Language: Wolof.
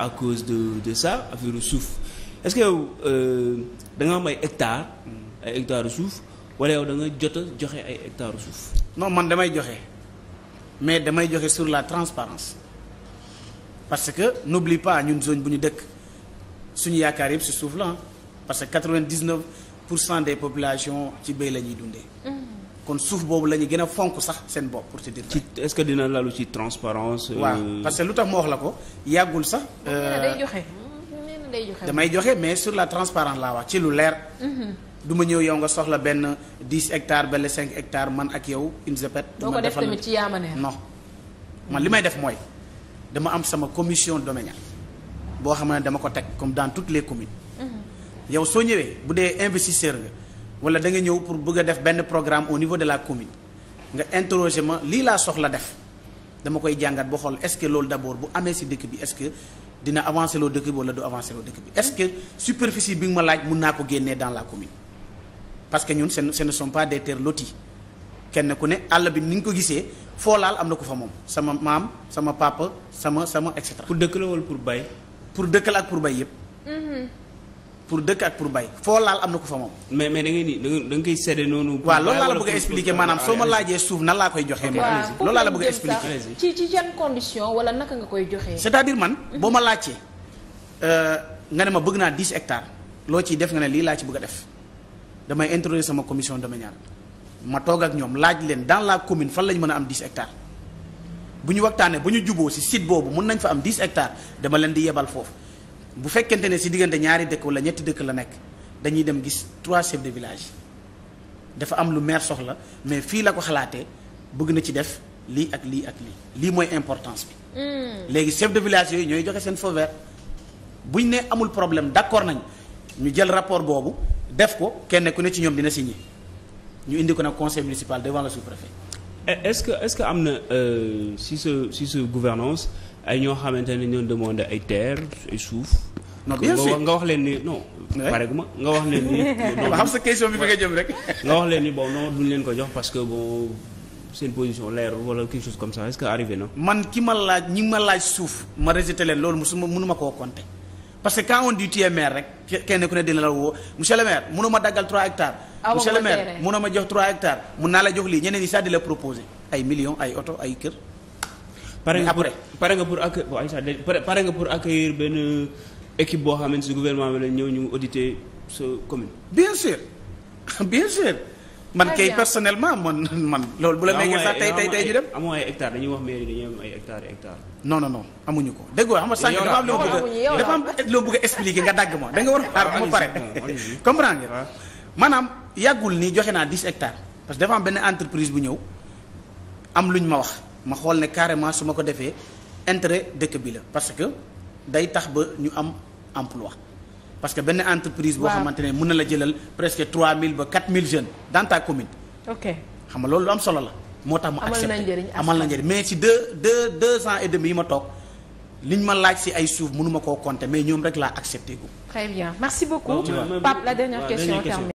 à cause de de ça affaire suuf est-ce que yow euh, da nga am ay hectares. ay hectares suuf wala yow da nga jot joxe ay hectares suuf. non man damay joxe mais damay joxe sur la transparence parce que n'oublie pas ñun zone bu ñu dëkk suñu yaakaar yëpp si suuf la parce que quatre-vingt-dix-neuf pour cent des populations ci béy la ñuy dundee. Mmh. kon suuf boobu la ñu gën a fonk sax seen bopp pour te dire ci est-ce que dina lalu ci transparence euh, waaw parce que lu tax ma wax la ko yàggul sax euh, damay joxe mais sur la transparence laa wax ci lu leer mhm. du ma ñëw yow nga soxla benn dix hectares benn cinq hectare man ak yow une zepet doo ko def tamit ci yaama no non man li may def mooy dama am sama commission domaniale boo xam dama ko teg comme dans toutes les communes mhm. yow soo ñëwee bu dee investisseur nga wala da nga ñëw pour bëgg a def benn programme au niveau de la commune nga interroger ma lii laa soxla def dama koy jàngat ba xool est-ce que loolu d'abord bu amee si dëkk bi est-ce que dina avancer loo dëkk bi wala du avancer loo dëkk bi est-ce que superficie bi nga ma laaj mun naa ko génnee dans la commune parce que ñun seen ne sont pas des terres loties kenn ku ne àll bi ni nga ko gisee foo laal am na ko fa moom sama maam sama papa sama sama et cetera. pour dëkk la wala pour bay. pour dëkk ak pour bay yëpp. Mm-hmm. pour dëkk ak pour bay foo laal am na ko fa moom. mais mais da ngay koy séddee noonu. waaw loolu laa la bëgg a expliquer maanaam soo ma laajee suuf nan laa koy joxee. maanaam loolu laa la bëgg a expliquer. ci yan condition wala naka nga koy joxee. cest à man boo ma laajee euh, nga ne ma bëgg naa 10 hectares loo ciy def nga ne lii laa ci bëgg a def damay introduire sama commission domaniale ma toog ak ñoom laaj leen dans la commune fan la ñu mën a am 10 hectares. bu ñu waxtaanee bu ñu juboo si site boobu mën nañ fa am 10 hectares dama leen di yebal foofu bu fekkente ne si diggante ñaari dëkk wala ñetti dëkk la nekk dañuy dem gis trois chefs de village dafa am lu meer soxla mais fii la ko xalaatee bëgg na ci def lii ak lii ak lii lii mooy importance bi. Hmm. léegi chef de village yooyu ñooy joxe seen feu vert ñu ne amul problème d'accord nañ ñu jël rapport boobu def ko kenn ku ne ci ñoom dina si signé ñu indi ko nag conseil municipal devant le sous-préfet. E-, est-ce que est-ce que am na euh, si ce si ce ay ñoo xamante ne ñoo demandé ay terre ay suuf. non nga wax leen ni non. pare gu ma nga wax leen ni. non xam sa question bi fi jëm rek. nga wax leen ni bon non duñ leen ko jox parce que bon seen position leer wala quelque chose comme ça est-ce que arrivé na. man ki ma laaj ñi ma laaj suuf ma rejeté leen loolu mosuma mënuma koo compter. parce que quand on dit tu es maire rek kenn ku ne dina la woo monsieur le maire mënoo ma daggal 3 hectares. awa ah, monsieur ma jox 3 hectares. mun naa la jox lii ñeneen ñi sax di la proposer ay millions ay ay kër. pare nga pour pare nga pour accueil bon Aïcha pare nga pour accueillir benn équipe boo xamante si gouvernement bi la ñëw ñu auditer sa commune. bien sûr bien sûr. man kay personnellement man man. loolu bu la nekkee sax tey tey tey ñu dem. amoo ay dañuy wax mairie dañuy am ay hectares hectares. non non non amuñu ko dégg nga xam nga sànq dafa loo bëgg a dafa am loo bëgg a expliquer nga dagg ma da nga war a xaar ba pare. comprendre nga maanaam yàggul nii joxe naa dix hectares parce que dafa am benn entreprise bu ñëw am lu ñu ma wax. ma xool ne carrément su ma ko defee intérêt dëkk bi la parce que day tax ba ñu am emploi parce que benn entreprise boo xamante ne mun na la jëlal presque 3000 ba 4000 mille jeune ta commune ok xam nga loolu lu am solo la moo tax ma accepté amal na njëriñ mais si deux deux deux ans et demi yi ma toog liñ ma laaj si ay suuf mënuma koo compter mais ñoom rek laa accepté gu très bien merci la dernière question